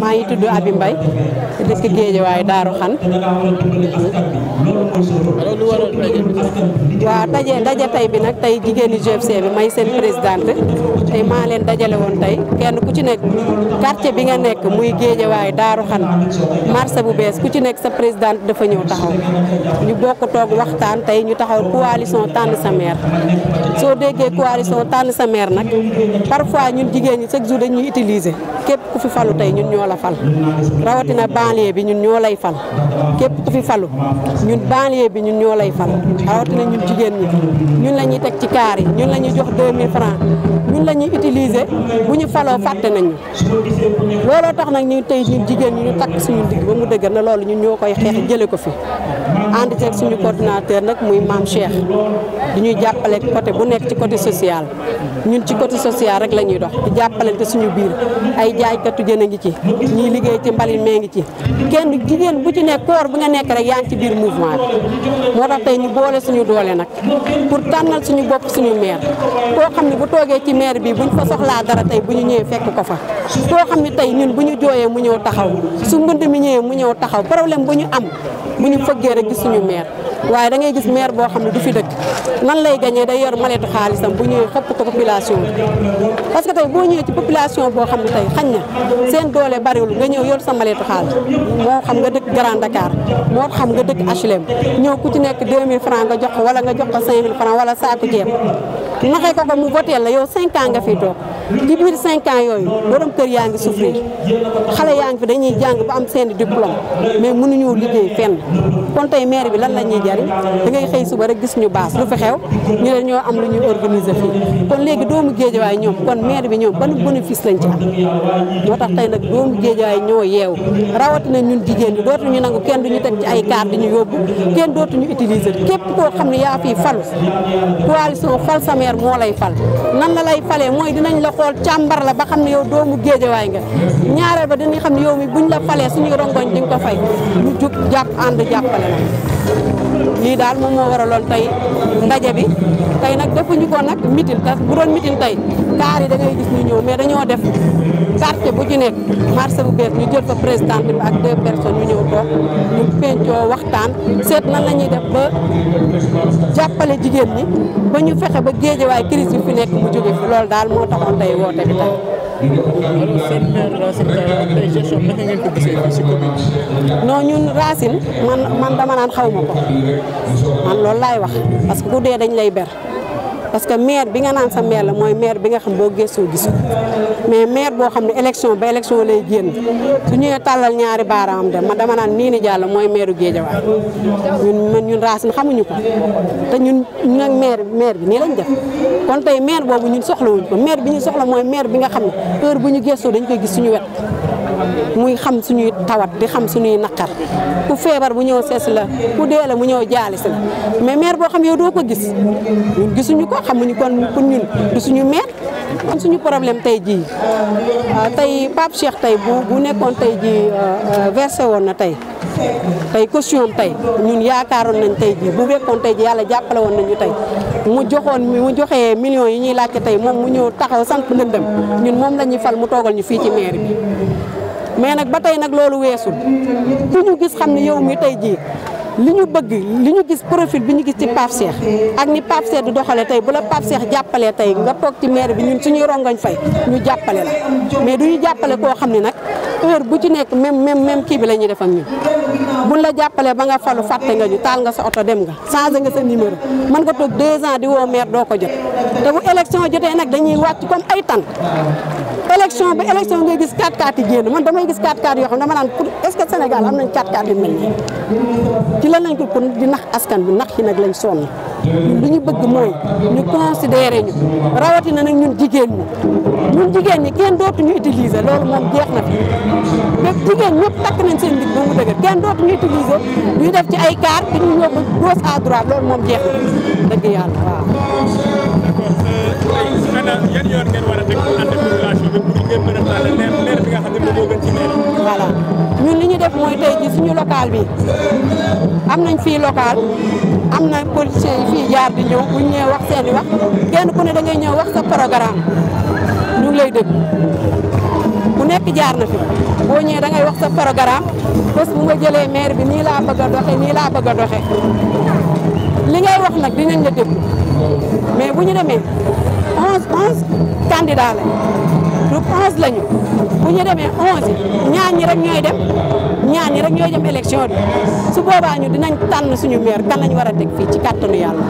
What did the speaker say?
maa ngi tudd Abi Mbaye dëkk Géejawaay Daaru Xan waaw daje daje tey bi nag tey jigéenu GFC bi may seen présidente tey maa leen dajale woon tey kenn ku ci nekk quartier bi nga nekk muy Géejawaay Daaru Xan marché bu bees ku ci nekk sa présidente dafa ñëw taxaw ñu bokk toog waxtaan tey ñu taxaw coalition tànn sa maire soo déggee coalition tànn sa maire nag parfois ñun jigéen ñi chaque jour dañuy utiliser képp ku fi falu tey ñun ñoo la fal rawatina banlieue bi ñun ñoo lay fal képp ku fi falu ñun banlieue bi ñun ñoo lay fal rawatina ñun jigéen ñi ñun la ñuy teg ci kaar yi ñun la ñuy jox 2000 francs ñun la ñuy utiliser bu ñu faloo fàtte nañu looloo tax nag ñu tey ñun jigéen ñi ñu takk suñu digg ba mu dëgër na loolu ñun ñoo koy xeex jële ko fi ànd suñu coordinateur nag muy maam Cheikh di ñuy jàppale côté bu nekk ci côté social ñun ci côté social rek la ñuy dox di jàppalante suñu biir ay jaaykatu jën a ngi ci ñuy liggéey ci mbalit mee ngi ci kenn jigéen bu ci nekk koor bu nga nekk rek yaa ngi ci biir mouvement moo tax tey ñu boole suñu doole nag pour tànnal suñu bopp suñu meer koo xam ne bu toogee ci maire bii buñ fa soxlaa dara tey bu ñu ñëwee fekk ko fa koo xam ni tey ñun bu ñu jooyee mu ñëw taxaw su mbënd mi ñëwee mu ñëw taxaw problème bu ñu am bu ñu fëggee rek gis suñu maire waaye da ngay gis maire boo xam ne du fi dëkk nan lay gañee day yor maletu xaalisam bu ñëwee xëpp ko population parce que tey boo ñëwee ci population boo xam ne tey xañ na seen doole bariwul nga ñëw yor sa maletu xaalis moo xam nga dëkk Grand moo xam nga dëkk HLM ñëw ku ci nekk 2000 francs nga jox ko wala nga jox ko 5000 francs wala saaku ceeb naxee ko ko la yow 5 nga fiy toog ci biir cinq ans yooyu borom kër yaa ngi souffrir xale yaa ngi fi dañuy jàng ba am seen diplôme mais mënuñu liggéey fenn kon tey maire bi lan la ñuy jariñ da ngay xëy suba rek gis ñu baas lu fi xew ñu ne ñoo am lu ñuy organiser fii kon léegi doomu waaye ñoom kon maire bi ñoom ban bénéfice lañ ci am moo tax tey nag doomu géejawaay ñoo yeew rawatina ñun jigéen ñi dootuñu nangu kenn duñu teg ci ay carte di ñu yóbbu kenn dootuñu utiliser képp koo xam ne yaa fii falu coalition fal sa maire moo lay fal nan la lay falee xool càmbar la ba xam ne yow doomu géejawaay nga ñaareel ba dañuy xam ne yow mi buñ la falee suñuy rongoñ di nga ko lu ñu jug jàpp ànd jàppale la lii daal moom moo waraloon tey ndaje bi tey nag defuñu ko nag mitin parce que bu doon mitin tey kaar yi da gis ñu ñëw mais dañoo def quartier bu ci nekk marché bu bees ñu jël fa président bi ak deux personnes ñu ñëw toog ñu pencoo waxtaan seet nan la ñuy def ba jàppale jigéen ñi ba ñu fexe ba géejewaay crise bi fi nekk mu jóge fi loolu daal moo taxoon tey woote bi tey loolu seen Racine tey gestion naka ngeen ñun Racine man dama naan xaw ko man loolu laay wax parce que ku dee dañ lay ber. parce que maire bi nga naan sa maire la mooy maire bi nga xam boo gëstoo gisul mais maire boo xam ne élection ba élection lay génn su ñëwee tàllal ñaari baaraam de ma dama naan nii ni jàll mooy maire Guédiawaye ñun man ñun racine xamuñu ko te ñun ñun ak maire maire bi nii lañ def kon tey maire boobu ñun soxlawuñ ko maire bi ñu soxla mooy maire bi nga xam ne heure bu ñu gestoo dañ koy gis suñu wet muy xam suñuy tawat di xam suñuy naqar ku feebar bu ñëw sees la ku dee la mu ñëw jaalis la mais maire boo xam yow doo ko gis ñun gisuñu ko xamuñu kon pour ñun du suñu maire kon suñu problème tey jii euh, tey Pape Cheikh tey bu bu nekkoon tey jii euh, euh, versé woon na tey tey caution tey ñun yaakaaroon nañ tey jii bu fekkoon tey jii yàlla jàppale woon nañu tey mu joxoon mu joxee millions yi ñuy laajte tey moom mu ñëw taxaw sant lëndëm ñun moom la ñuy fal mu toogal ñu fii ci maire bi mais nag ba tey nag loolu weesul ku ñu gis xam ne yow mi tey jii li ñu bëgg li ñu gis profit bi ñu gis ci Pape ak ni Pape Cheikh di doxalee tey bu la Pape Cheikh jàppalee tey nga toog ci maire bi ñun suñuy rongoñ fay ñu jàppale la mais du duñu jàppale koo xam ni nag heure bu ci nekk même même même kii bi la ñuy def ak la jàppalee ba nga falu fàtte nga ñu taal nga sa oto dem nga changé nga sa numéro man nga toog deux ans di woo maire doo ko jot te bu élection jotee nag dañuy wàcc comme ay tan élection ba élection ngay gis 4-4 yi génn man damay gis 4-4 yoo xam dama naan pour est que Sénégal am nañ 4-4 yu mel nii ci lan lañ ko pour di nax askan bi nax yi nag lañ sonn li ñu bëgg mooy ñu considéré ñu rawatina nag ñun jigéen ñi ñun jigéen ñi kenn dootuñu utiliser loolu moom jeex na fi jigéen ñëpp takk nañ seen ndig ba mu dëgër kenn dootuñu utiliser ñu def ci ay kaar di ñu yóbbu gauche à droite loolu moom jeex na dëgg yàlla waaw. suñu local bi am nañ fii local am na politiciens yi fii jaar di ñëw bu ñu ñëwee wax seen wax kenn ku ne da ñëw wax sa programme ñu lay dégg ku nekk jaar na fi boo ñëwee da ngay wax sa programme bés bu nga jëlee maire bi nii laa bëgg a doxe nii laa bëgg a doxe li ngay wax nag dinañ la dégg mais bu ñu demee onze onze candidats du onze lañu bu ñu demee 11 ñaar ñi rek ñooy dem ñaar ñi rek ñooy dem élection bi su boobaa ñu dinañ tànn suñu maire kan lañ war a teg fii ci kàttanu yàlla.